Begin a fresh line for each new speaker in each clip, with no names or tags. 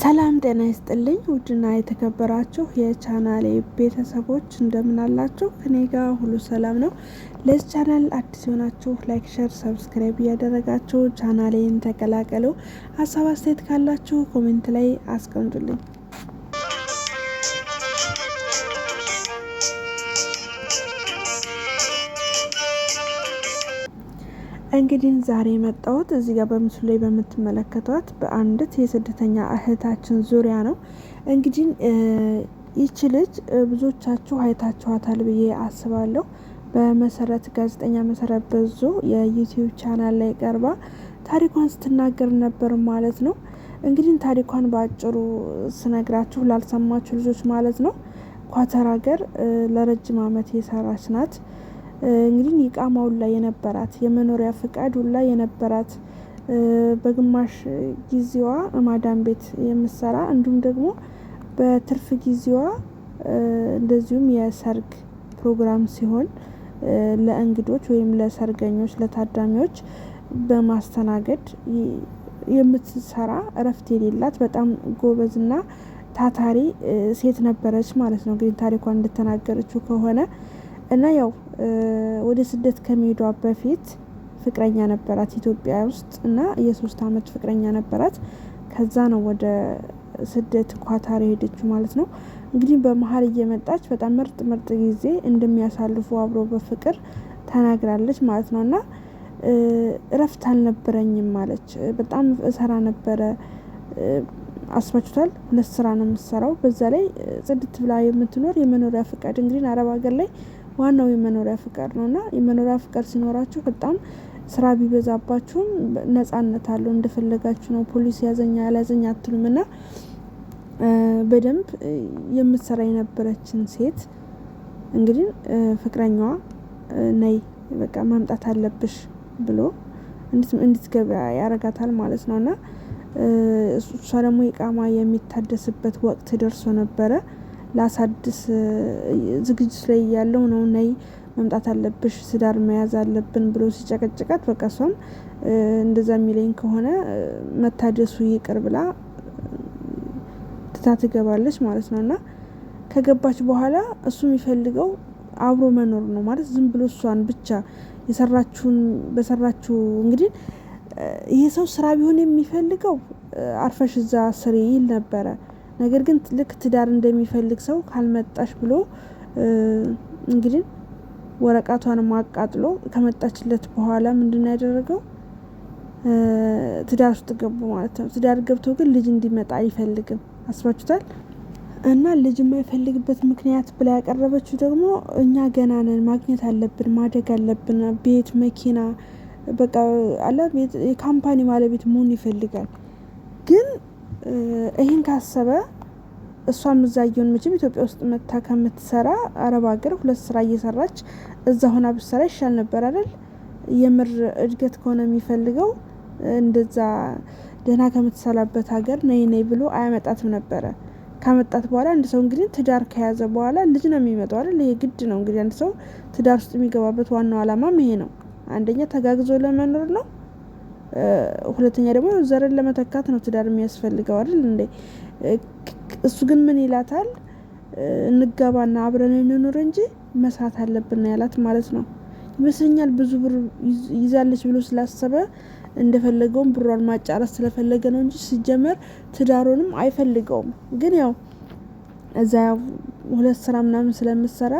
ሰላም ጤና ይስጥልኝ። ውድና የተከበራችሁ የቻናሌ ቤተሰቦች እንደምን አላችሁ? እኔ ጋር ሁሉ ሰላም ነው። ለዚህ ቻናል አዲስ የሆናችሁ ላይክ፣ ሸር፣ ሰብስክራይብ እያደረጋችሁ ቻናሌን ተቀላቀሉ። ሀሳብ አስተያየት ካላችሁ ኮሜንት ላይ አስቀምጡልኝ። እንግዲህ ዛሬ የመጣሁት እዚህ ጋር በምስሉ ላይ በምትመለከቷት በአንዲት የስደተኛ እህታችን ዙሪያ ነው። እንግዲህ ይቺ ልጅ ብዙዎቻችሁ አይታችኋታል ብዬ አስባለሁ። በመሰረት ጋዜጠኛ መሰረት በዙ የዩቲዩብ ቻናል ላይ ቀርባ ታሪኳን ስትናገር ነበር ማለት ነው። እንግዲህ ታሪኳን በአጭሩ ስነግራችሁ ላልሰማችሁ ልጆች ማለት ነው ኳተር ሀገር ለረጅም ዓመት የሰራች ናት። እንግዲህ ኢቃማ ሁላ የነበራት የመኖሪያ ፍቃድ ሁላ የነበራት በግማሽ ጊዜዋ ማዳም ቤት የምትሰራ እንዲሁም ደግሞ በትርፍ ጊዜዋ እንደዚሁም የሰርግ ፕሮግራም ሲሆን ለእንግዶች ወይም ለሰርገኞች ለታዳሚዎች በማስተናገድ የምትሰራ እረፍት የሌላት በጣም ጎበዝና ታታሪ ሴት ነበረች ማለት ነው። እንግዲህ ታሪኳን እንደተናገረችው ከሆነ እና ያው ወደ ስደት ከመሄዷ በፊት ፍቅረኛ ነበራት ኢትዮጵያ ውስጥ እና የሶስት አመት ፍቅረኛ ነበራት። ከዛ ነው ወደ ስደት ኳታር የሄደችው ማለት ነው። እንግዲህ በመሀል እየመጣች በጣም ምርጥ ምርጥ ጊዜ እንደሚያሳልፉ አብሮ በፍቅር ተናግራለች ማለት ነው። እና እረፍት አልነበረኝም ማለች። በጣም እሰራ ነበረ አስባችሁታል። ሁለት ስራ ነው የምትሰራው። በዛ ላይ ጽድት ብላ የምትኖር የመኖሪያ ፍቃድ እንግዲህ አረብ ሀገር ላይ ዋናው የመኖሪያ ፍቃድ ነው እና የመኖሪያ ፍቃድ ሲኖራችሁ በጣም ስራ ቢበዛባችሁም ነጻነት አለው። እንደፈለጋችሁ ነው። ፖሊስ ያዘኛ ያላዘኛ አትሉም እና በደንብ የምትሰራ የነበረችን ሴት እንግዲህ ፍቅረኛዋ ነይ በቃ ማምጣት አለብሽ ብሎ እንድትገባ ያደርጋታል ማለት ነው እና እሷ ደግሞ ኢቃማ የሚታደስበት ወቅት ደርሶ ነበረ። ላሳድስ ዝግጅት ላይ እያለው ነው ነይ መምጣት አለብሽ ስዳር መያዝ አለብን ብሎ ሲጨቀጭቃት በቃ እሷም እንደዛ የሚለኝ ከሆነ መታደሱ ይቅር ብላ ትታ ትገባለች ማለት ነው። እና ከገባች በኋላ እሱ የሚፈልገው አብሮ መኖር ነው ማለት ዝም ብሎ እሷን ብቻ የሰራችሁን በሰራችሁ እንግዲህ ይሄ ሰው ስራ ቢሆን የሚፈልገው አርፈሽ እዛ ስሪ ይል ነበረ። ነገር ግን ልክ ትዳር እንደሚፈልግ ሰው ካልመጣሽ ብሎ እንግዲህ ወረቀቷንም አቃጥሎ ከመጣችለት በኋላ ምንድን ያደረገው? ትዳር ውስጥ ገቡ ማለት ነው። ትዳር ገብቶ ግን ልጅ እንዲመጣ አይፈልግም። አስባችሁታል? እና ልጅ የማይፈልግበት ምክንያት ብላ ያቀረበችው ደግሞ እኛ ገና ነን፣ ማግኘት አለብን፣ ማደግ አለብን፣ ቤት መኪና፣ በቃ አለ የካምፓኒ ባለቤት መሆን ይፈልጋል ግን ይህን ካሰበ እሷ እዛ መቼም ኢትዮጵያ ውስጥ መታ ከምትሰራ አረብ ሀገር ሁለት ስራ እየሰራች እዛ ሆና ብሰራ ይሻል ነበር አይደል? የምር እድገት ከሆነ የሚፈልገው እንደዛ ደህና ከምትሰራበት ሀገር ነይ ነይ ብሎ አያመጣትም ነበረ። ካመጣት በኋላ አንድ ሰው እንግዲህ ትዳር ከያዘ በኋላ ልጅ ነው የሚመጣው አይደል? ይሄ ግድ ነው እንግዲህ አንድ ሰው ትዳር ውስጥ የሚገባበት ዋናው አላማም ይሄ ነው። አንደኛ ተጋግዞ ለመኖር ነው። ሁለተኛ ደግሞ ዘርን ለመተካት ነው ትዳር የሚያስፈልገው አይደል እንዴ? እሱ ግን ምን ይላታል? እንገባና አብረን እንኑር እንጂ መስራት አለብን ያላት ማለት ነው ይመስለኛል። ብዙ ብር ይዛለች ብሎ ስላሰበ እንደፈለገውም ብሯን ማጫረስ ስለፈለገ ነው እንጂ ሲጀመር ትዳሩንም አይፈልገውም። ግን ያው እዛ ሁለት ስራ ምናምን ስለምሰራ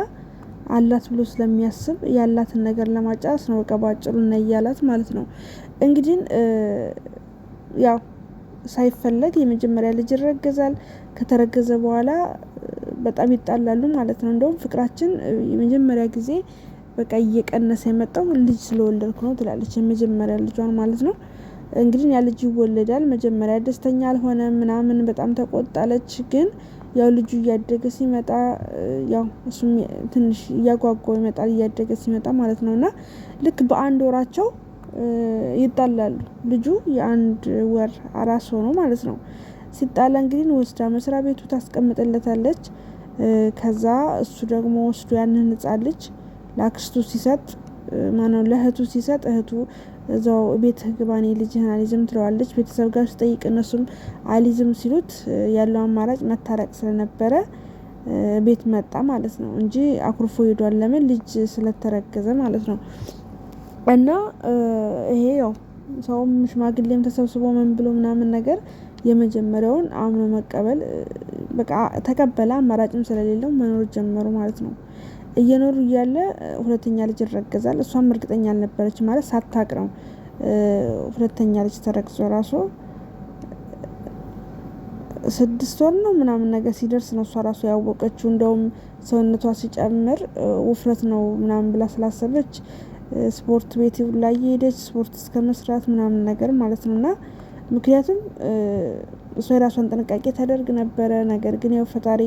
አላት ብሎ ስለሚያስብ ያላትን ነገር ለማጫረስ ነው በቃ ባጭሩ እና እያላት ማለት ነው። እንግዲህ ያው ሳይፈለግ የመጀመሪያ ልጅ ይረገዛል። ከተረገዘ በኋላ በጣም ይጣላሉ ማለት ነው። እንደውም ፍቅራችን የመጀመሪያ ጊዜ በቃ እየቀነሰ የመጣው ልጅ ስለወለድኩ ነው ትላለች የመጀመሪያ ልጇን ማለት ነው። እንግዲህ ያ ልጅ ይወለዳል። መጀመሪያ ደስተኛ አልሆነም ምናምን በጣም ተቆጣለች። ግን ያው ልጁ እያደገ ሲመጣ ያው እሱም ትንሽ እያጓጓው ይመጣል እያደገ ሲመጣ ማለት ነው እና ልክ በአንድ ወራቸው ይጣላሉ። ልጁ የአንድ ወር አራስ ሆኖ ማለት ነው። ሲጣላ እንግዲህ ወስዳ መስሪያ ቤቱ ታስቀምጥለታለች። ከዛ እሱ ደግሞ ወስዶ ያንን ሕፃን ልጅ ለአክስቱ ሲሰጥ ማነው ለእህቱ ሲሰጥ እህቱ እዛው ቤት ህግባኔ ልጅህን አሊዝም ትለዋለች። ቤተሰብ ጋር ስጠይቅ እነሱም አሊዝም ሲሉት ያለው አማራጭ መታረቅ ስለነበረ ቤት መጣ ማለት ነው እንጂ አኩርፎ ሄዷል። ለምን ልጅ ስለተረገዘ ማለት ነው። እና ይሄ ያው ሰውም ሽማግሌም ተሰብስቦ ምን ብሎ ምናምን ነገር የመጀመሪያውን አምኖ መቀበል በቃ ተቀበለ። አማራጭም ስለሌለው መኖር ጀመሩ ማለት ነው። እየኖሩ እያለ ሁለተኛ ልጅ ይረገዛል። እሷም እርግጠኛ አልነበረች ማለት ሳታቅ ነው። ሁለተኛ ልጅ ተረግዞ ራሱ ስድስት ወር ነው ምናምን ነገር ሲደርስ ነው እሷ ራሱ ያወቀችው። እንደውም ሰውነቷ ሲጨምር ውፍረት ነው ምናምን ብላ ስላሰበች ስፖርት ቤት ላይ የሄደች ስፖርት እስከ መስራት ምናምን ነገር ማለት ነው እና ምክንያቱም እሷ የራሷን ጥንቃቄ ተደርግ ነበረ። ነገር ግን ያው ፈጣሪ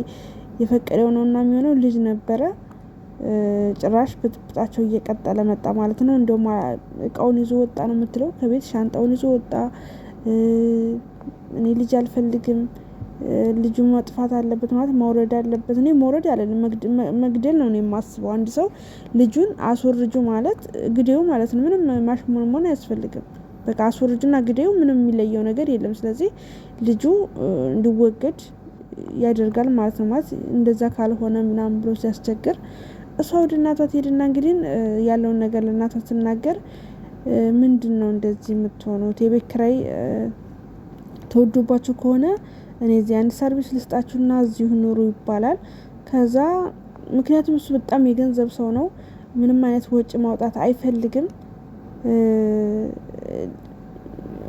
የፈቀደው ነው እና የሚሆነው ልጅ ነበረ። ጭራሽ ብጥብጣቸው እየቀጠለ መጣ ማለት ነው። እንዲሁም እቃውን ይዞ ወጣ ነው የምትለው ከቤት ሻንጣውን ይዞ ወጣ። እኔ ልጅ አልፈልግም ልጁ መጥፋት አለበት ማለት መውረድ አለበት። እኔ መውረድ አለንም መግደል ነው የማስበው። አንድ ሰው ልጁን አስወርጁ ማለት ግዴው ማለት ነው። ምንም ማሽሞንሞን አያስፈልግም። በቃ አስወርጁና ግዴው ምንም የሚለየው ነገር የለም። ስለዚህ ልጁ እንዲወገድ ያደርጋል ማለት ነው። ማለት እንደዛ ካልሆነ ምናምን ብሎ ሲያስቸግር እሷ ወደ እናቷ ትሄድና እንግዲህ ያለውን ነገር ለእናቷ ትናገር። ምንድን ነው እንደዚህ የምትሆኑት? የቤት ኪራይ ከሆነ እኔ እዚህ አንድ ሰርቪስ ልስጣችሁና እዚሁ ኑሩ ይባላል። ከዛ ምክንያቱም እሱ በጣም የገንዘብ ሰው ነው። ምንም አይነት ወጪ ማውጣት አይፈልግም።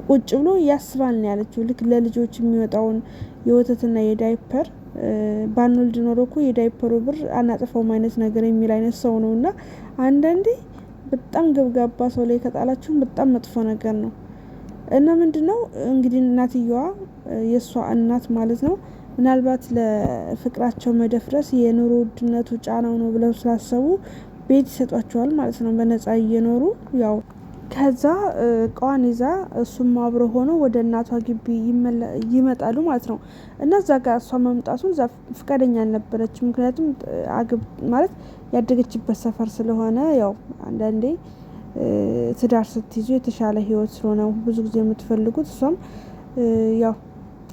ቁጭ ብሎ ያስባል ነው ያለችው። ልክ ለልጆች የሚወጣውን የወተትና የዳይፐር ባንወልድ ኖሮ እኮ የዳይፐሩ ብር አናጥፈውም አይነት ነገር የሚል አይነት ሰው ነው። እና አንዳንዴ በጣም ገብጋባ ሰው ላይ ከጣላችሁም በጣም መጥፎ ነገር ነው። እና ምንድን ነው እንግዲህ እናትየዋ የእሷ እናት ማለት ነው ምናልባት ለፍቅራቸው መደፍረስ የኑሮ ውድነቱ ጫናው ነው ብለው ስላሰቡ ቤት ይሰጧቸዋል ማለት ነው በነጻ እየኖሩ ያው ከዛ እቃዋን ይዛ እሱም አብሮ ሆኖ ወደ እናቷ ግቢ ይመጣሉ ማለት ነው። እና እዛ ጋር እሷ መምጣቱን እዛ ፍቃደኛ አልነበረች። ምክንያቱም አግብ ማለት ያደገችበት ሰፈር ስለሆነ ያው አንዳንዴ ትዳር ስትይዙ የተሻለ ህይወት ስለሆነ ብዙ ጊዜ የምትፈልጉት እሷም ያው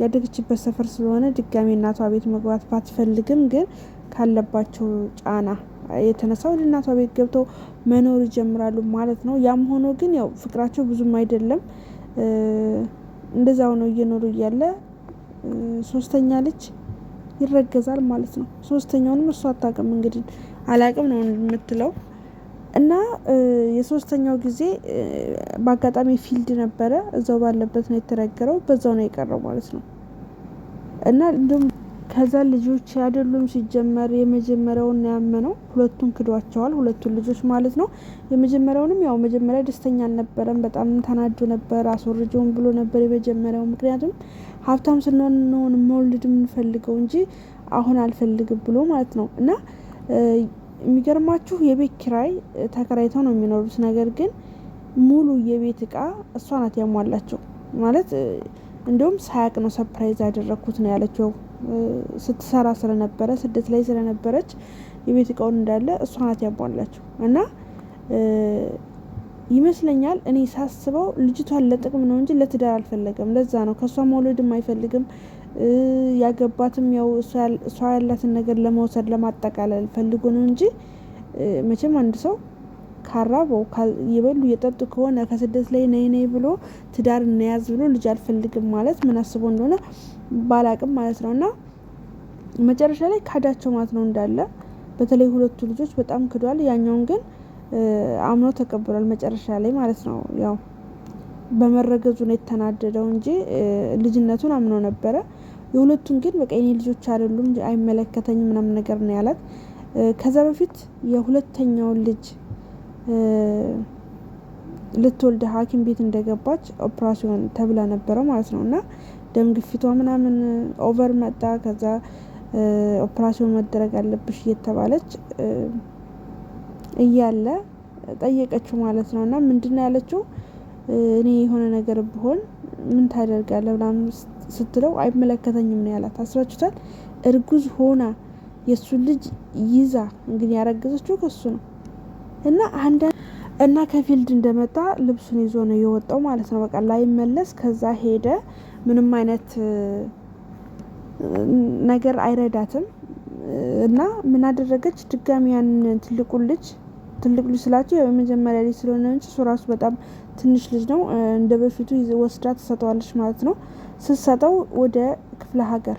ያደገችበት ሰፈር ስለሆነ ድጋሚ እናቷ ቤት መግባት ባትፈልግም ግን ካለባቸው ጫና የተነሳ ወደ እናቷ ቤት ገብተው መኖር ይጀምራሉ ማለት ነው። ያም ሆኖ ግን ያው ፍቅራቸው ብዙም አይደለም። እንደዛው ነው እየኖሩ እያለ ሶስተኛ ልጅ ይረገዛል ማለት ነው። ሶስተኛውንም እሷ አታውቅም እንግዲህ አላቅም ነው የምትለው እና የሶስተኛው ጊዜ በአጋጣሚ ፊልድ ነበረ እዛው ባለበት ነው የተነገረው። በዛው ነው የቀረው ማለት ነው። እና እንዲሁም ከዛ ልጆች አይደሉም ሲጀመር የመጀመሪያውን ነው ያመነው። ሁለቱን ክዷቸዋል፣ ሁለቱን ልጆች ማለት ነው። የመጀመሪያውንም ያው መጀመሪያ ደስተኛ አልነበረም። በጣም ተናዶ ነበር፣ አስወርጀውን ብሎ ነበር የመጀመሪያው። ምክንያቱም ሀብታም ስንሆን መውልድ የምንፈልገው እንጂ አሁን አልፈልግም ብሎ ማለት ነው እና የሚገርማችሁ የቤት ኪራይ ተከራይተው ነው የሚኖሩት። ነገር ግን ሙሉ የቤት እቃ እሷ ናት ያሟላቸው። ማለት እንዲሁም ሳያቅ ነው ሰፕራይዝ ያደረግኩት ነው ያለችው። ስትሰራ ስለነበረ ስደት ላይ ስለነበረች የቤት እቃውን እንዳለ እሷ ናት ያሟላቸው እና ይመስለኛል እኔ ሳስበው ልጅቷን ለጥቅም ነው እንጂ ለትዳር አልፈለገም። ለዛ ነው ከእሷ መውለድም አይፈልግም። ያገባትም ያው እሷ ያላትን ነገር ለመውሰድ ለማጠቃለል ፈልጎ ነው እንጂ መቼም አንድ ሰው ካራበው የበሉ የጠጡ ከሆነ ከስደት ላይ ነይ ነይ ብሎ ትዳር እናያዝ ብሎ ልጅ አልፈልግም ማለት ምን አስቦ እንደሆነ ባላቅም ማለት ነው። እና መጨረሻ ላይ ካዳቸው ማለት ነው እንዳለ በተለይ ሁለቱ ልጆች በጣም ክዷል። ያኛውን ግን አምኖ ተቀብሏል መጨረሻ ላይ ማለት ነው ያው በመረገዙ ነው የተናደደው እንጂ ልጅነቱን አምኖ ነበረ። የሁለቱን ግን በቃ የኔ ልጆች አይደሉም አይመለከተኝም ምናምን ነገር ነው ያላት። ከዛ በፊት የሁለተኛውን ልጅ ልትወልድ ሐኪም ቤት እንደገባች ኦፕራሲዮን ተብላ ነበረ ማለት ነው እና ደም ግፊቷ ምናምን ኦቨር መጣ። ከዛ ኦፕራሲዮን መደረግ አለብሽ እየተባለች እያለ ጠየቀችው ማለት ነው እና ምንድን ነው ያለችው እኔ የሆነ ነገር ብሆን ምን ታደርጋለ ብላም ስትለው አይመለከተኝም ነው ያላት። አስባችሁታል? እርጉዝ ሆና የእሱን ልጅ ይዛ እንግዲህ ያረገዘችው ከሱ ነው እና አንዳንድ እና ከፊልድ እንደመጣ ልብሱን ይዞ ነው የወጣው ማለት ነው። በቃ ላይመለስ ከዛ ሄደ። ምንም አይነት ነገር አይረዳትም እና ምን አደረገች? ድጋሚ ያንን ትልቁን ልጅ ትልቅ ልጅ ስላቸው ያው የመጀመሪያ ልጅ ስለሆነ እንጂ እሱ ራሱ በጣም ትንሽ ልጅ ነው። እንደ በፊቱ ወስዳ ትሰጠዋለች ማለት ነው። ስትሰጠው ወደ ክፍለ ሀገር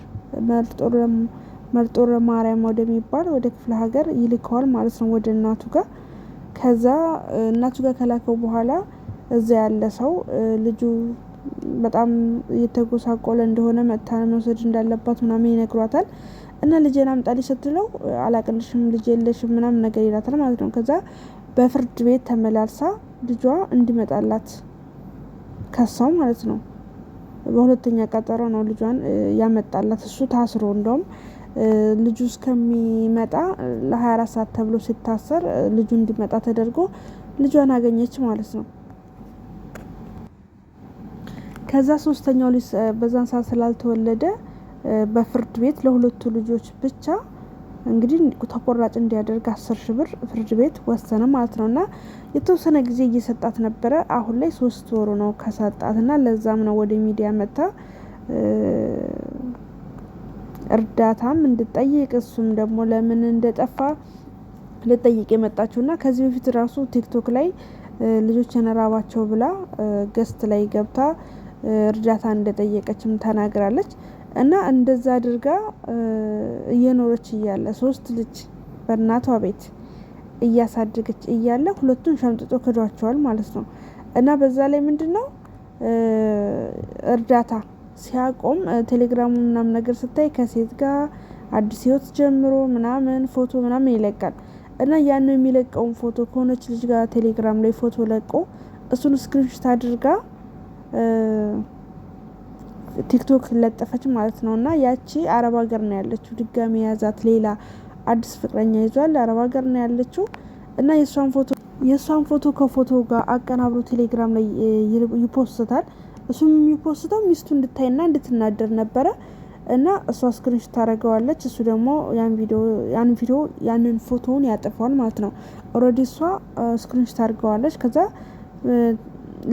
መርጦ ማርያም ወደሚባል ወደ ክፍለ ሀገር ይልከዋል ማለት ነው፣ ወደ እናቱ ጋር። ከዛ እናቱ ጋር ከላከው በኋላ እዛ ያለ ሰው ልጁ በጣም እየተጎሳቆለ እንደሆነ መጥታ መውሰድ እንዳለባት ምናምን ይነግሯታል። እና ልጄን አምጣልኝ ስትለው አላቅልሽም ልጅ የለሽም ምናምን ነገር ይላታል ማለት ነው። ከዛ በፍርድ ቤት ተመላልሳ ልጇ እንዲመጣላት ከሰው ማለት ነው። በሁለተኛ ቀጠሮ ነው ልጇን ያመጣላት። እሱ ታስሮ እንደውም ልጁ እስከሚመጣ ለ24 ሰዓት ተብሎ ሲታሰር ልጁ እንዲመጣ ተደርጎ ልጇን አገኘች ማለት ነው። ከዛ ሶስተኛው ልጅ በዛን ሰዓት ስላልተወለደ በፍርድ ቤት ለሁለቱ ልጆች ብቻ እንግዲህ ተቆራጭ እንዲያደርግ አስር ሺ ብር ፍርድ ቤት ወሰነ ማለት ነው። እና የተወሰነ ጊዜ እየሰጣት ነበረ። አሁን ላይ ሶስት ወሩ ነው ከሰጣት እና ለዛም ነው ወደ ሚዲያ መታ እርዳታም እንድጠይቅ እሱም ደግሞ ለምን እንደጠፋ ልጠይቅ የመጣችው እና ከዚህ በፊት ራሱ ቲክቶክ ላይ ልጆች የነራባቸው ብላ ገስት ላይ ገብታ እርዳታ እንደጠየቀችም ተናግራለች። እና እንደዛ አድርጋ እየኖረች እያለ ሶስት ልጅ በእናቷ ቤት እያሳደገች እያለ ሁለቱን ሸምጥጦ ክዷቸዋል ማለት ነው። እና በዛ ላይ ምንድን ነው እርዳታ ሲያቆም ቴሌግራሙ ምናምን ነገር ስታይ ከሴት ጋር አዲስ ህይወት ጀምሮ ምናምን ፎቶ ምናምን ይለቃል እና ያን የሚለቀውን ፎቶ ከሆነች ልጅ ጋር ቴሌግራም ላይ ፎቶ ለቆ እሱን ስክሪንሾት አድርጋ ቲክቶክ ለጠፈች ማለት ነው። እና ያቺ አረብ ሀገር ነው ያለችው። ድጋሚ የያዛት ሌላ አዲስ ፍቅረኛ ይዟል። አረብ ሀገር ነው ያለችው እና የእሷን ፎቶ የእሷን ፎቶ ከፎቶ ጋር አቀናብሮ ቴሌግራም ላይ ይፖስታል። እሱም የሚፖስተው ሚስቱ እንድታይና እንድትናደር ነበረ እና እሷ ስክሪንሽ ታደረገዋለች። እሱ ደግሞ ያን ቪዲዮ ያንን ፎቶውን ያጠፋዋል ማለት ነው። ኦልሬዲ እሷ ስክሪንሽ ታደርገዋለች ከዛ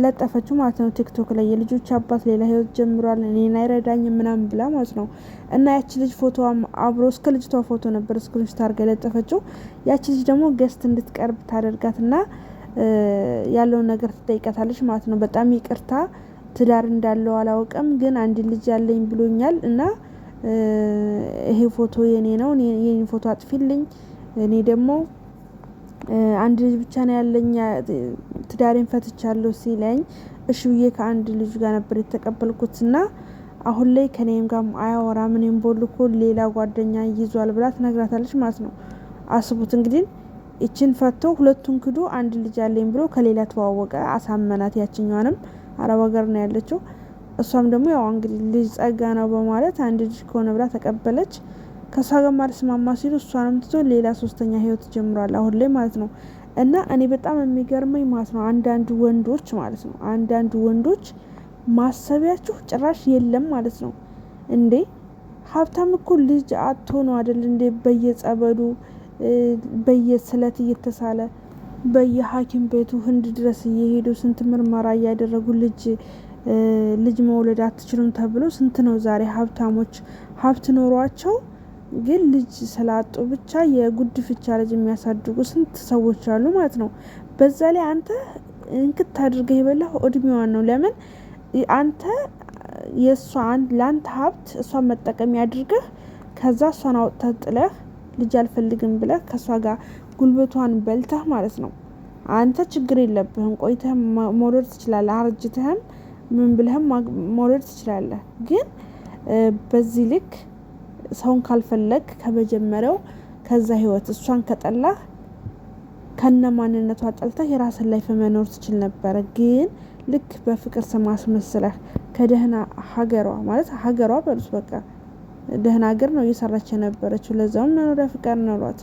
ለጠፈችው ማለት ነው ቲክቶክ ላይ የልጆች አባት ሌላ ህይወት ጀምሯል፣ እኔን አይረዳኝም ምናምን ብላ ማለት ነው። እና ያቺ ልጅ ፎቶዋም አብሮ እስከ ልጅቷ ፎቶ ነበር ስክሪንሾት አድርጋ የለጠፈችው። ያቺ ልጅ ደግሞ ገስት እንድትቀርብ ታደርጋትና ያለውን ነገር ትጠይቀታለች ማለት ነው። በጣም ይቅርታ ትዳር እንዳለው አላውቅም፣ ግን አንድ ልጅ ያለኝ ብሎኛል እና ይሄ ፎቶ የኔ ነው፣ የኔ ፎቶ አጥፊልኝ እኔ ደግሞ አንድ ልጅ ብቻ ነው ያለኝ ትዳሬን ፈትቻለሁ ሲለኝ እሺ ብዬ ከአንድ ልጅ ጋር ነበር የተቀበልኩትና አሁን ላይ ከኔም ጋር አያወራ ምንም ቦልኮ ሌላ ጓደኛ ይዟል ብላ ትነግራታለች ማለት ነው። አስቡት እንግዲህ ይችን ፈቶ ሁለቱን ክዱ አንድ ልጅ አለኝ ብሎ ከሌላ ተዋወቀ፣ አሳመናት። ያችኛዋንም አረብ ሀገር ነው ያለችው። እሷም ደግሞ ያው እንግዲህ ልጅ ጸጋ ነው በማለት አንድ ልጅ ከሆነ ብላ ተቀበለች። ከእሷ ጋር ማልስማማ ሲሉ እሷንም ትቶ ሌላ ሶስተኛ ህይወት ጀምሯል አሁን ላይ ማለት ነው። እና እኔ በጣም የሚገርመኝ ማለት ነው አንዳንድ ወንዶች ማለት ነው አንዳንድ ወንዶች ማሰቢያችሁ ጭራሽ የለም ማለት ነው እንዴ ሀብታም እኮ ልጅ አቶ ነው አደል እንዴ በየጸበሉ በየስለት እየተሳለ በየሐኪም ቤቱ ህንድ ድረስ እየሄዱ ስንት ምርመራ እያደረጉ ልጅ ልጅ መውለድ አትችሉም ተብሎ ስንት ነው ዛሬ ሀብታሞች ሀብት ኖሯቸው ግን ልጅ ስላጡ ብቻ የጉድ ፍቻ ልጅ የሚያሳድጉ ስንት ሰዎች አሉ ማለት ነው። በዛ ላይ አንተ እንክት አድርገህ የበላህ እድሜዋን ነው። ለምን አንተ የእሷ ለአንተ ሀብት እሷን መጠቀሚያ አድርገህ ከዛ እሷን አውጥተህ ጥለህ ልጅ አልፈልግም ብለህ ከእሷ ጋር ጉልበቷን በልተህ ማለት ነው። አንተ ችግር የለብህም፣ ቆይተህም መውለድ ትችላለህ፣ አርጅተህም ምን ብለህም መውለድ ትችላለህ። ግን በዚህ ልክ ሰውን ካልፈለግ ከመጀመሪያው ከዛ ህይወት እሷን ከጠላ ከነ ማንነቷ ጠልተህ የራስን ላይ መኖር ትችል ነበረ። ግን ልክ በፍቅር ስም አስመስለህ ከደህና ሀገሯ ማለት ሀገሯ በሉት በቃ ደህና ሀገር ነው እየሰራች የነበረችው። ለዛውም መኖሪያ ፍቃድ ኖሯት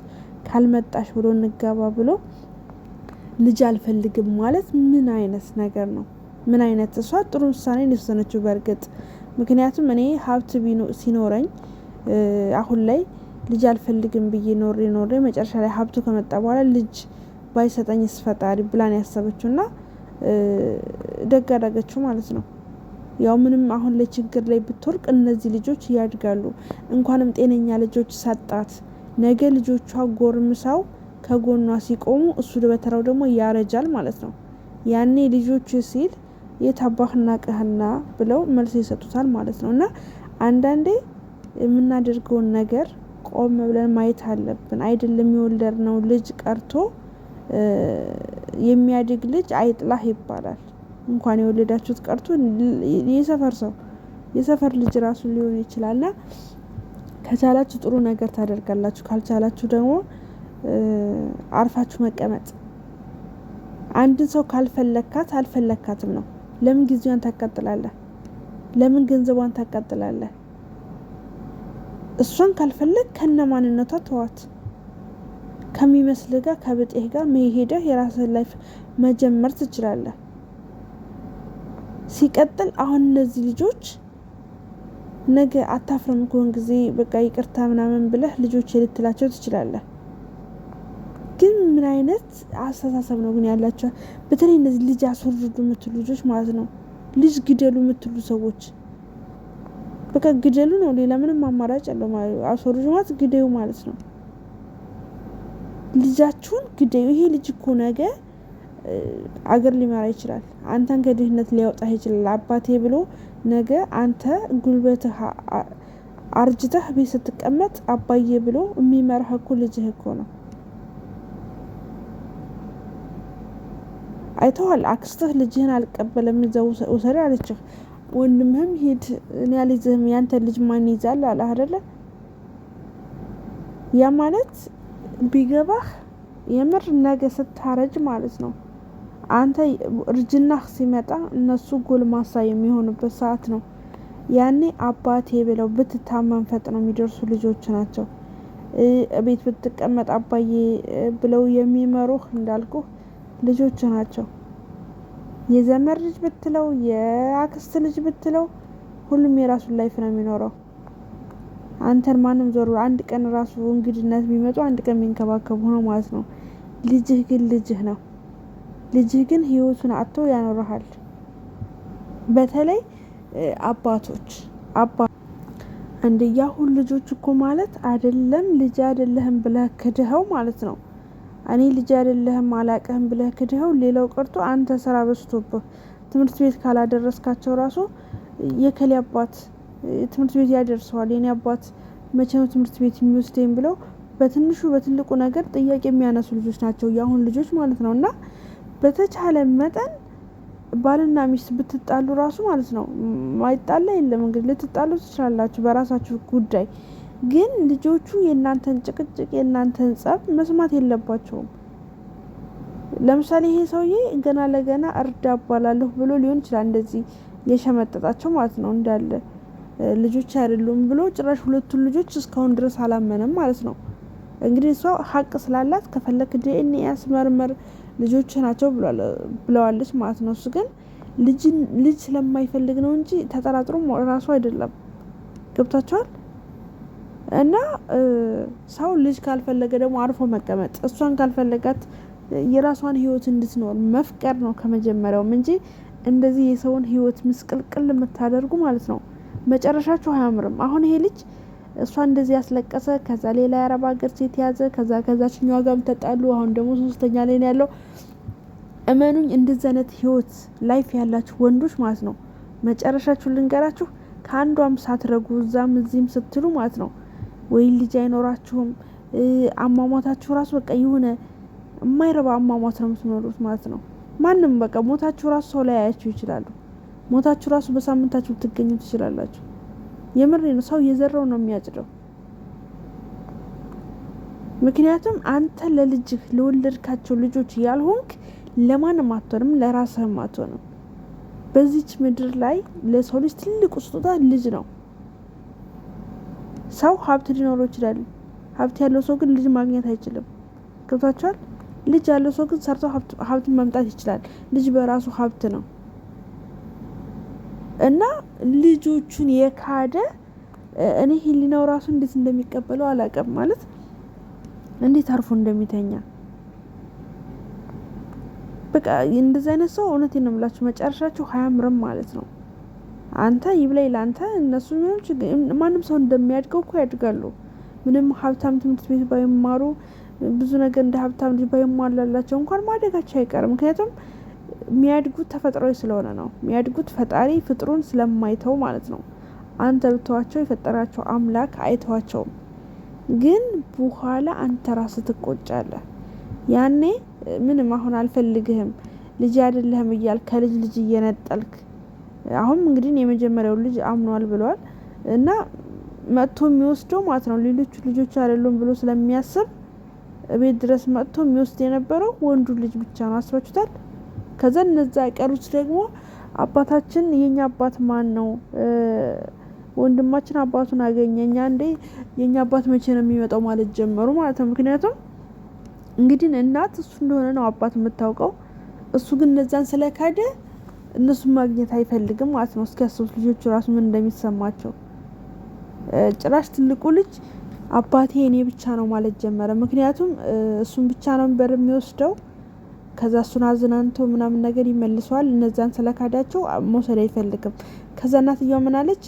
ካልመጣሽ ብሎ እንጋባ ብሎ ልጅ አልፈልግም ማለት ምን አይነት ነገር ነው? ምን አይነት እሷ ጥሩ ውሳኔ የወሰነችው በእርግጥ ምክንያቱም እኔ ሀብት ሲኖረኝ አሁን ላይ ልጅ አልፈልግም ብዬ ኖሬ ኖሬ መጨረሻ ላይ ሀብቱ ከመጣ በኋላ ልጅ ባይሰጠኝ ስፈጣሪ ብላን ና ደግ አደረገችው ማለት ነው። ያው ምንም አሁን ላይ ችግር ላይ ብትወርቅ እነዚህ ልጆች ያድጋሉ። እንኳንም ጤነኛ ልጆች ሰጣት። ነገ ልጆቿ ጎርምሳው ከጎኗ ሲቆሙ እሱ በተራው ደግሞ ያረጃል ማለት ነው። ያኔ ልጆች ሲል የታባህና ቀህና ብለው መልስ ይሰጡታል ማለት ነው እና አንዳንዴ የምናደርገውን ነገር ቆም ብለን ማየት አለብን። አይደለም የወለድነው ልጅ ቀርቶ የሚያድግ ልጅ አይጥላህ ይባላል። እንኳን የወለዳችሁት ቀርቶ የሰፈር ሰው የሰፈር ልጅ ራሱ ሊሆን ይችላል ና ከቻላችሁ ጥሩ ነገር ታደርጋላችሁ፣ ካልቻላችሁ ደግሞ አርፋችሁ መቀመጥ። አንድን ሰው ካልፈለካት አልፈለካትም ነው። ለምን ጊዜዋን ታቃጥላለህ? ለምን ገንዘቧን ታቃጥላለህ? እሷን ካልፈለግ ከነ ማንነቷ ተዋት። ከሚመስል ጋር ከብጤህ ጋር መሄደህ የራስህን ላይፍ መጀመር ትችላለህ። ሲቀጥል አሁን እነዚህ ልጆች ነገ አታፍርም ከሆን ጊዜ በቃ ይቅርታ ምናምን ብለህ ልጆች የልትላቸው ትችላለህ። ግን ምን አይነት አስተሳሰብ ነው ግን ያላቸው? በተለይ እነዚህ ልጅ አስወርዱ የምትሉ ልጆች ማለት ነው፣ ልጅ ግደሉ የምትሉ ሰዎች በቃ ግደሉ ነው። ሌላ ምንም አማራጭ ያለው አሶሩ ማለት ግደዩ ማለት ነው። ልጃችሁን ግደዩ። ይሄ ልጅ እኮ ነገ አገር ሊመራ ይችላል። አንተን ከድህነት ሊያወጣህ ይችላል። አባቴ ብሎ ነገ አንተ ጉልበትህ አርጅተህ ቤት ስትቀመጥ አባዬ ብሎ የሚመራህ እኮ ልጅህ እኮ ነው። አይተዋል። አክስትህ ልጅህን አልቀበልም እዛ ውሰድ አለችህ። ወንድምህም ሂድ እኔ አልይዝህም ያንተ ልጅ ማን ይዛል አለ አይደለ? ያ ማለት ቢገባህ የምር ነገ ስታረጅ ማለት ነው አንተ እርጅናህ ሲመጣ እነሱ ጎልማሳ የሚሆኑበት ሰዓት ነው። ያኔ አባቴ ብለው ብትታመም ፈጥነው የሚደርሱ ልጆች ናቸው። ቤት ብትቀመጥ አባዬ ብለው የሚመሩህ እንዳልኩህ ልጆች ናቸው። የዘመድ ልጅ ብትለው የአክስት ልጅ ብትለው ሁሉም የራሱን ላይፍ ነው የሚኖረው። አንተን ማንም ዞሮ አንድ ቀን ራሱ እንግድነት ቢመጡ አንድ ቀን የሚንከባከቡ ነው ማለት ነው። ልጅህ ግን ልጅህ ነው። ልጅህ ግን ህይወቱን አጥቶ ያኖረሃል። በተለይ አባቶች አባ እንደ ሁሉ ልጆች እኮ ማለት አይደለም ልጅ አይደለህም ብለህ ክድኸው ማለት ነው እኔ ልጅ አይደለህም አላቀህም ብለህ ክድኸው፣ ሌላው ቀርቶ አንተ ስራ በዝቶብህ ትምህርት ቤት ካላደረስካቸው ራሱ የከሌ አባት ትምህርት ቤት ያደርሰዋል፣ የኔ አባት መቼ ነው ትምህርት ቤት የሚወስደኝ ብለው በትንሹ በትልቁ ነገር ጥያቄ የሚያነሱ ልጆች ናቸው የአሁን ልጆች ማለት ነው። እና በተቻለ መጠን ባልና ሚስት ብትጣሉ ራሱ ማለት ነው ማይጣላ የለም እንግዲህ ልትጣሉ ትችላላችሁ በራሳችሁ ጉዳይ ግን ልጆቹ የእናንተን ጭቅጭቅ የእናንተን ጸብ መስማት የለባቸውም። ለምሳሌ ይሄ ሰውዬ ገና ለገና እርዳ አባላለሁ ብሎ ሊሆን ይችላል እንደዚህ የሸመጠጣቸው ማለት ነው። እንዳለ ልጆች አይደሉም ብሎ ጭራሽ ሁለቱን ልጆች እስካሁን ድረስ አላመነም ማለት ነው። እንግዲህ እሷ ሀቅ ስላላት ከፈለክ ዲኤንኤ ያስመርመር ልጆች ናቸው ብለዋለች ማለት ነው። እሱ ግን ልጅ ስለማይፈልግ ነው እንጂ ተጠራጥሮ ራሱ አይደለም። ገብታችኋል? እና ሰው ልጅ ካልፈለገ ደግሞ አርፎ መቀመጥ እሷን ካልፈለጋት የራሷን ህይወት እንድትኖር መፍቀር ነው ከመጀመሪያውም እንጂ እንደዚህ የሰውን ህይወት ምስቅልቅል የምታደርጉ ማለት ነው መጨረሻችሁ አያምርም። አሁን ይሄ ልጅ እሷ እንደዚህ ያስለቀሰ፣ ከዛ ሌላ የአረብ ሀገር ሴት ያዘ፣ ከዛ ከዛችኛዋ ጋርም ተጣሉ፣ አሁን ደግሞ ሶስተኛ ላይ ያለው። እመኑኝ እንደዚህ አይነት ህይወት ላይፍ ያላችሁ ወንዶች ማለት ነው መጨረሻችሁ ልንገራችሁ፣ ከአንዷም ሳትረጉ እዛም እዚህም ስትሉ ማለት ነው ወይ ልጅ አይኖራችሁም። አሟሟታችሁ ራሱ በቃ የሆነ የማይረባ አሟሟት ነው የምትኖሩት ማለት ነው። ማንም በቃ ሞታችሁ ራሱ ሰው ላይ አያችሁ ይችላሉ። ሞታችሁ ራሱ በሳምንታችሁ ልትገኙ ትችላላችሁ። የምሬ ነው። ሰው የዘራው ነው የሚያጭደው። ምክንያቱም አንተ ለልጅህ ለወለድካቸው ልጆች ያልሆንክ ለማንም አትሆንም፣ ለራስህም አትሆንም። በዚች ምድር ላይ ለሰው ልጅ ትልቁ ስጦታ ልጅ ነው። ሰው ሀብት ሊኖረው ይችላል። ሀብት ያለው ሰው ግን ልጅ ማግኘት አይችልም። ገብቷቸዋል። ልጅ ያለው ሰው ግን ሰርቶ ሀብትን መምጣት ይችላል። ልጅ በራሱ ሀብት ነው እና ልጆቹን የካደ እኔ ህሊናው ራሱ እንዴት እንደሚቀበለው አላውቅም። ማለት እንዴት አርፎ እንደሚተኛ በቃ እንደዚህ አይነት ሰው እውነቴን ነው የምላችሁ መጨረሻችሁ ሀያምርም ማለት ነው። አንተ ይብላኝ ላንተ እነሱ ማንም ሰው እንደሚያድገው እኮ ያድጋሉ። ምንም ሀብታም ትምህርት ቤት ባይማሩ ብዙ ነገር እንደ ሀብታም ልጅ ባይሟላላቸው እንኳን ማደጋቸው አይቀርም። ምክንያቱም የሚያድጉት ተፈጥሯዊ ስለሆነ ነው። የሚያድጉት ፈጣሪ ፍጥሩን ስለማይተው ማለት ነው። አንተ ብተዋቸው የፈጠራቸው አምላክ አይተዋቸውም። ግን በኋላ አንተ ራስህ ትቆጫለህ። ያኔ ምንም አሁን አልፈልግህም ልጅ አይደለህም እያል ከልጅ ልጅ እየነጠልክ አሁን እንግዲህ የመጀመሪያው ልጅ አምኗል ብለዋል እና መጥቶ የሚወስደው ማለት ነው ሌሎቹ ልጆች አይደሉም ብሎ ስለሚያስብ ቤት ድረስ መጥቶ የሚወስድ የነበረው ወንዱ ልጅ ብቻ ነው። አስባችሁታል? ከዛ እነዛ ቀሩት ደግሞ አባታችን የኛ አባት ማን ነው? ወንድማችን አባቱን አገኘ እኛ እንዴ የኛ አባት መቼ ነው የሚመጣው ማለት ጀመሩ ማለት ነው። ምክንያቱም እንግዲህ እናት እሱ እንደሆነ ነው አባት የምታውቀው። እሱ ግን እነዛን ስለካደ እነሱን ማግኘት አይፈልግም ማለት ነው። እስኪ ያሰቡት ልጆቹ ራሱ ምን እንደሚሰማቸው። ጭራሽ ትልቁ ልጅ አባቴ እኔ ብቻ ነው ማለት ጀመረ። ምክንያቱም እሱን ብቻ ነው በር የሚወስደው ከዛ እሱን አዝናንቶ ምናምን ነገር ይመልሰዋል። እነዛን ስለካዳቸው መውሰድ አይፈልግም። ከዛ እናትየው ምናለች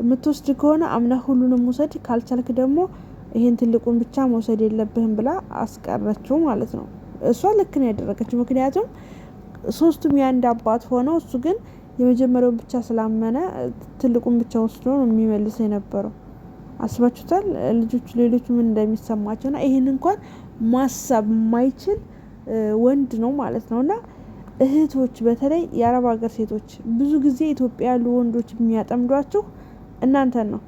የምትወስድ ከሆነ አምነህ ሁሉንም ውሰድ፣ ካልቻልክ ደግሞ ይህን ትልቁን ብቻ መውሰድ የለብህም ብላ አስቀረችው ማለት ነው። እሷ ልክ ነው ያደረገችው ምክንያቱም ሶስቱም የአንድ አባት ሆነው እሱ ግን የመጀመሪያውን ብቻ ስላመነ ትልቁን ብቻ ወስዶ ነው የሚመልስ የነበረው። አስባችሁታል? ልጆቹ ሌሎቹ ምን ና ይህን እንኳን ማሰብ የማይችል ወንድ ነው ማለት ነው። እና እህቶች፣ በተለይ የአረብ ሀገር ሴቶች ብዙ ጊዜ ኢትዮጵያ ያሉ ወንዶች የሚያጠምዷችሁ እናንተን ነው።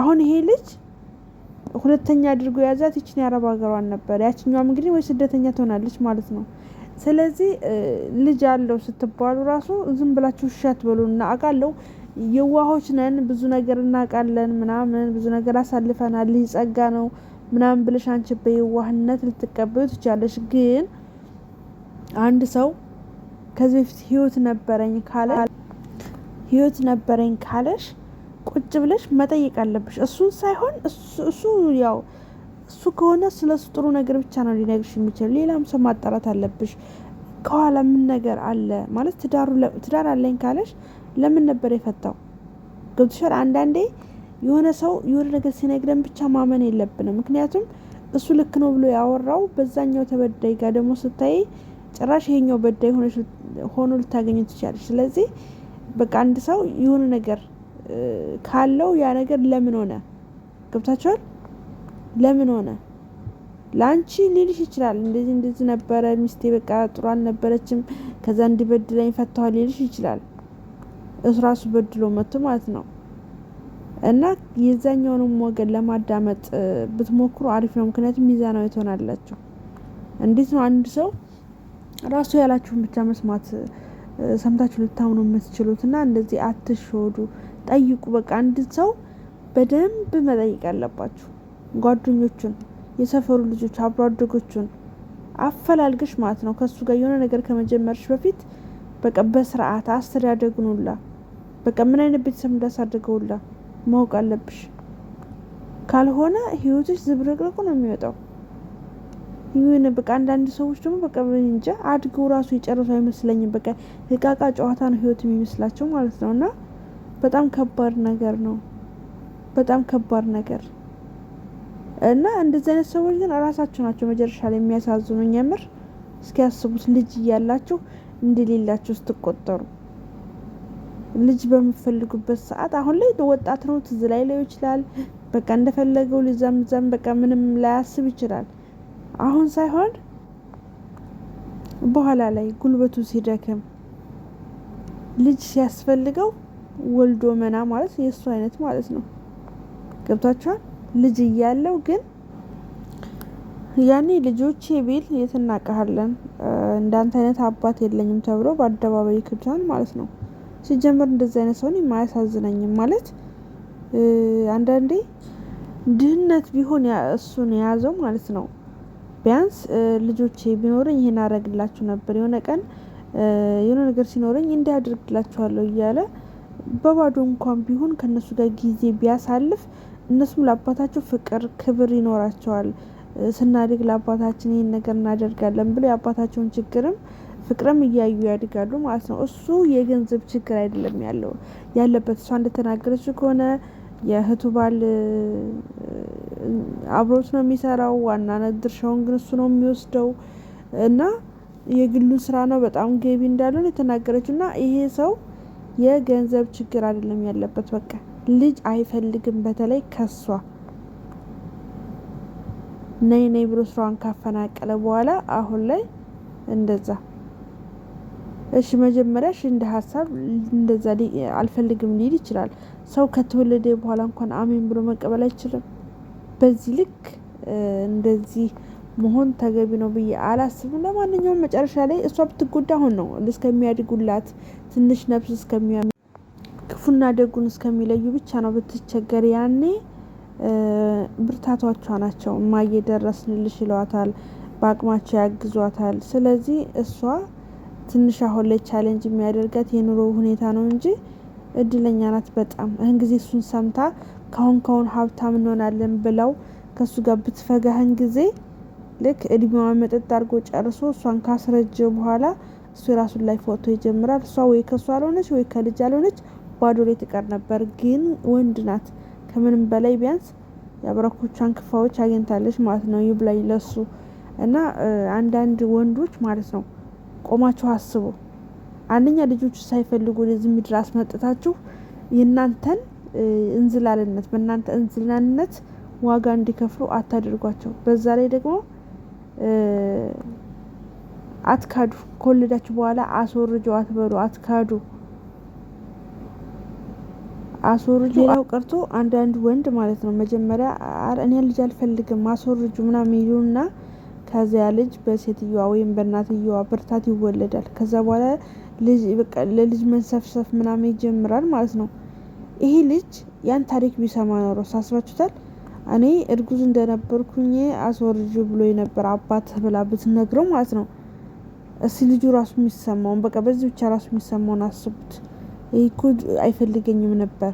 አሁን ይሄ ልጅ ሁለተኛ አድርጎ የያዛት ይችን የአረብ ሀገሯን ነበር። ያችኛዋም እንግዲህ ወይ ስደተኛ ትሆናለች ማለት ነው። ስለዚህ ልጅ አለው ስትባሉ ራሱ ዝም ብላችሁ ውሸት በሉ እና አውቃለሁ የዋሆች ነን፣ ብዙ ነገር እናውቃለን፣ ምናምን ብዙ ነገር አሳልፈናል፣ ልጅ ጸጋ ነው ምናምን ብለሽ አንቺ በየዋህነት ልትቀበዩ ትቻለሽ። ግን አንድ ሰው ከዚህ በፊት ህይወት ነበረኝ ካለ ህይወት ነበረኝ ካለሽ ቁጭ ብለሽ መጠየቅ አለብሽ። እሱን ሳይሆን እሱ ያው እሱ ከሆነ ስለ እሱ ጥሩ ነገር ብቻ ነው ሊነግርሽ የሚችል። ሌላም ሰው ማጣራት አለብሽ። ከኋላ ምን ነገር አለ ማለት ትዳር አለኝ ካለሽ ለምን ነበር የፈታው? ገብቶሻል? አንዳንዴ የሆነ ሰው የሆነ ነገር ሲነግረን ብቻ ማመን የለብንም። ምክንያቱም እሱ ልክ ነው ብሎ ያወራው በዛኛው ተበዳይ ጋር ደግሞ ስታይ ጭራሽ ይሄኛው በዳይ ሆኖ ልታገኙ ትችላለች። ስለዚህ በቃ አንድ ሰው የሆነ ነገር ካለው ያ ነገር ለምን ሆነ ገብታችኋል? ለምን ሆነ? ለአንቺ ሊልሽ ይችላል። እንደዚህ እንደዚህ ነበረ ሚስቴ በቃ ጥሩ አልነበረችም፣ ከዛ እንዲበድለኝ ፈታኋል ሊልሽ ይችላል። እሱ ራሱ በድሎ መጥቶ ማለት ነው። እና የዛኛውንም ወገን ለማዳመጥ ብትሞክሩ አሪፍ ነው። ምክንያቱም ሚዛናዊ ትሆናላችሁ። እንዴት ነው አንድ ሰው ራሱ ያላችሁን ብቻ መስማት ሰምታችሁ ልታምኑ የምትችሉት? እና እንደዚህ አትሸወዱ፣ ጠይቁ። በቃ አንድ ሰው በደንብ መጠየቅ አለባችሁ። ጓደኞቹን፣ የሰፈሩ ልጆች፣ አብሮ አደጎቹን አፈላልገሽ ማለት ነው ከሱ ጋር የሆነ ነገር ከመጀመርሽ በፊት በቃ በስርዓት አስተዳደጉን ሁላ በቃ ምን አይነት ቤተሰብ እንዳሳደገው ሁላ ማወቅ አለብሽ። ካልሆነ ህይወቶች ዝብርቅርቁ ነው የሚወጣው። ይሁን በቃ አንዳንድ ሰዎች ደግሞ በቃ እንጃ አድገው ራሱ የጨረሱ አይመስለኝም። በቃ እቃቃ ጨዋታ ነው ህይወት የሚመስላቸው ማለት ነው። እና በጣም ከባድ ነገር ነው። በጣም ከባድ ነገር እና እንደዚህ አይነት ሰዎች ግን ራሳችሁ ናቸው መጨረሻ ላይ የሚያሳዝኑኝ። የምር እስኪያስቡት ልጅ እያላችሁ እንደሌላችሁ ስትቆጠሩ ልጅ በምፈልጉበት ሰዓት አሁን ላይ ወጣት ነው፣ ትዝ ላይ ላይ ይችላል። በቃ እንደፈለገው ልዛምዛም በቃ ምንም ላያስብ ይችላል። አሁን ሳይሆን በኋላ ላይ ጉልበቱ ሲደክም ልጅ ሲያስፈልገው ወልዶ መና ማለት የእሱ አይነት ማለት ነው። ገብታችኋል? ልጅ እያለው ግን ያኔ ልጆቼ ቢል የት እናቀሃለን እንዳንተ አይነት አባት የለኝም ተብሎ በአደባባይ ይክዳል ማለት ነው። ሲጀምር እንደዚህ አይነት ሰውን የማያሳዝነኝም ማለት አንዳንዴ ድህነት ቢሆን እሱን የያዘው ማለት ነው። ቢያንስ ልጆቼ ቢኖረኝ ይሄን አደርግላችሁ ነበር የሆነ ቀን የሆነ ነገር ሲኖረኝ እንዲህ አድርግላችኋለሁ እያለ በባዶ እንኳን ቢሆን ከእነሱ ጋር ጊዜ ቢያሳልፍ እነሱም ለአባታቸው ፍቅር፣ ክብር ይኖራቸዋል። ስናድግ ለአባታችን ይህን ነገር እናደርጋለን ብለው የአባታቸውን ችግርም ፍቅርም እያዩ ያድጋሉ ማለት ነው። እሱ የገንዘብ ችግር አይደለም ያለው ያለበት እሷ እንደተናገረችው ከሆነ የእህቱ ባል አብሮት ነው የሚሰራው። ዋና ድርሻውን ግን እሱ ነው የሚወስደው እና የግሉን ስራ ነው በጣም ገቢ እንዳለውን የተናገረችው እና ይሄ ሰው የገንዘብ ችግር አይደለም ያለበት በቃ ልጅ አይፈልግም። በተለይ ከሷ ነይ ነይ ብሎ ስራዋን ካፈናቀለ በኋላ አሁን ላይ እንደዛ እሺ፣ መጀመሪያሽ እንደ ሀሳብ እንደዛ አልፈልግም ሊል ይችላል። ሰው ከተወለደ በኋላ እንኳን አሜን ብሎ መቀበል አይችልም። በዚህ ልክ እንደዚህ መሆን ተገቢ ነው ብዬ አላስብም። ለማንኛውም መጨረሻ ላይ እሷ ብትጎዳ አሁን ነው እስከሚያድጉላት ትንሽ ነፍስ እስከሚያ ክፉና ደጉን እስከሚለዩ ብቻ ነው ብትቸገር ያኔ ብርታቷቿ ናቸው። እማዬ ደረስንልሽ ይለዋታል፣ በአቅማቸው ያግዟታል። ስለዚህ እሷ ትንሽ አሁን ላይ ቻሌንጅ የሚያደርጋት የኑሮ ሁኔታ ነው እንጂ እድለኛ ናት በጣም። እህን ጊዜ እሱን ሰምታ ካሁን ካሁን ሀብታም እንሆናለን ብለው ከእሱ ጋር ብትፈጋህን ጊዜ ልክ እድሜዋን መጠጥ አድርጎ ጨርሶ እሷን ካስረጀ በኋላ እሱ የራሱን ላይ ፎቶ ይጀምራል። እሷ ወይ ከእሱ አልሆነች ወይ ከልጅ አልሆነች ባዶ ላይ ትቀር ነበር። ግን ወንድ ናት። ከምንም በላይ ቢያንስ የአብረኮቿን ክፋዎች አግኝታለች ማለት ነው። ይብላኝ ለሱ እና አንዳንድ ወንዶች ማለት ነው ቆማችሁ አስቡ። አንደኛ ልጆቹ ሳይፈልጉ ወደዚህ ምድር አስመጥታችሁ የእናንተን እንዝላልነት በእናንተ እንዝላልነት ዋጋ እንዲከፍሉ አታደርጓቸው። በዛ ላይ ደግሞ አትካዱ። ከወለዳችሁ በኋላ አስወርጀው አትበሉ፣ አትካዱ። አስወርጁ። ሌላው ቀርቶ አንዳንድ ወንድ ማለት ነው መጀመሪያ እኔ ልጅ አልፈልግም አስወርጁ ምናምን ይሉና ከዚያ ልጅ በሴትዮዋ ወይም በእናትየዋ ብርታት ይወለዳል። ከዛ በኋላ ለልጅ መንሰፍሰፍ ምናምን ይጀምራል ማለት ነው። ይሄ ልጅ ያን ታሪክ ቢሰማ ኖሮ ሳስባችሁታል። እኔ እርጉዝ እንደነበርኩኝ አስወርጁ ብሎ የነበር አባት ብላ ብትነግረው ማለት ነው። እስኪ ልጁ ራሱ የሚሰማውን በቃ በዚህ ብቻ ራሱ የሚሰማውን አስቡት። ይህ እኮ አይፈልገኝም ነበር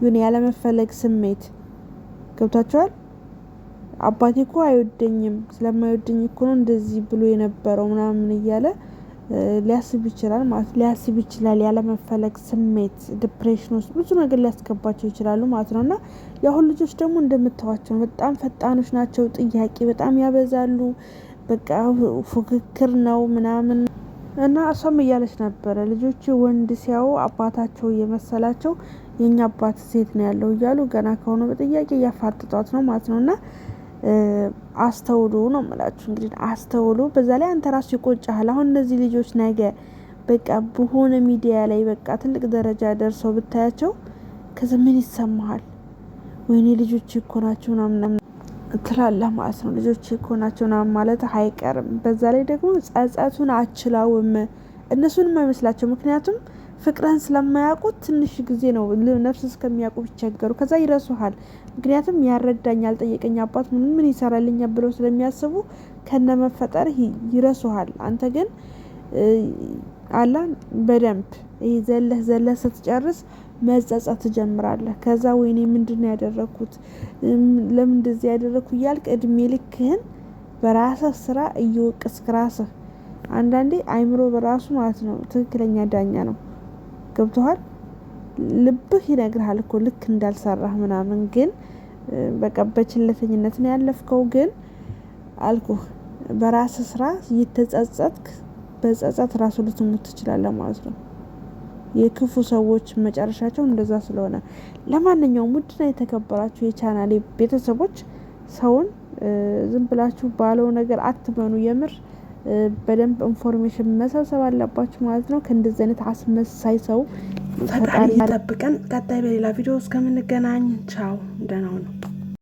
ይሁን ያለመፈለግ ስሜት ገብታችኋል አባቴ እኮ አይወደኝም ስለማይወደኝ እኮ ነው እንደዚህ ብሎ የነበረው ምናምን እያለ ሊያስብ ይችላል ማለት ሊያስብ ይችላል። ያለመፈለግ ስሜት ዲፕሬሽን ውስጥ ብዙ ነገር ሊያስገባቸው ይችላሉ ማለት ነው። እና የአሁን ልጆች ደግሞ እንደምታዋቸው ነው። በጣም ፈጣኖች ናቸው። ጥያቄ በጣም ያበዛሉ። በቃ ፉክክር ነው ምናምን እና እሷም እያለች ነበረ ልጆች ወንድ ሲያዩ አባታቸው እየመሰላቸው የኛ አባት ሴት ነው ያለው እያሉ ገና ከሆነ በጥያቄ እያፋጥጧት ነው ማለት ነው። እና አስተውሉ ነው የምላችሁ እንግዲህ አስተውሉ። በዛ ላይ አንተ ራሱ ይቆጫሃል። አሁን እነዚህ ልጆች ነገ በቃ በሆነ ሚዲያ ላይ በቃ ትልቅ ደረጃ ደርሰው ብታያቸው ከዚ ምን ይሰማሃል? ወይኔ ልጆች እኮ ናቸው ምናምን ትላለህ ማለት ነው። ልጆች እኮ ናቸው ምናምን ማለት አይቀርም። በዛ ላይ ደግሞ ጸጸቱን አችላውም እነሱን አይመስላቸው። ምክንያቱም ፍቅረን ስለማያውቁት ትንሽ ጊዜ ነው ነፍስ እስከሚያውቁ ቢቸገሩ፣ ከዛ ይረሱሃል። ምክንያቱም ያረዳኝ ያልጠየቀኝ አባት ምን ምን ብለው ስለሚያስቡ ከነ መፈጠር ይረሱሃል። አንተ ግን አላን በደንብ ይሄ ዘለህ ዘለህ ስትጨርስ መጸጸት ትጀምራለህ። ከዛ ወይኔ ነው ያደረኩት? ለምን እንደዚህ ያደረኩ እያልክ እድሜ ልክህን በራስህ ስራ እየወቀስክ ራስህ አንዳንዴ አይምሮ በራሱ ማለት ነው ትክክለኛ ዳኛ ነው። ገብቶሃል? ልብህ ይነግርሃል እኮ ልክ እንዳልሰራህ ምናምን ግን በቃ በችለተኝነት ነው ያለፍከው ግን አልኩህ በራስህ ስራ እየተጸጸትክ በጸጸት ራሱ ልትሞት ትችላለህ ማለት ነው። የክፉ ሰዎች መጨረሻቸው እንደዛ ስለሆነ፣ ለማንኛውም ውድና የተከበራችሁ የቻናሌ ቤተሰቦች ሰውን ዝም ብላችሁ ባለው ነገር አትመኑ። የምር በደንብ ኢንፎርሜሽን መሰብሰብ አለባችሁ ማለት ነው። ከእንደዚህ አይነት አስመሳይ ሰው ፈጣሪ ይጠብቀን። ቀጣይ በሌላ ቪዲዮ እስከምንገናኝ ቻው፣ ደህና ነው።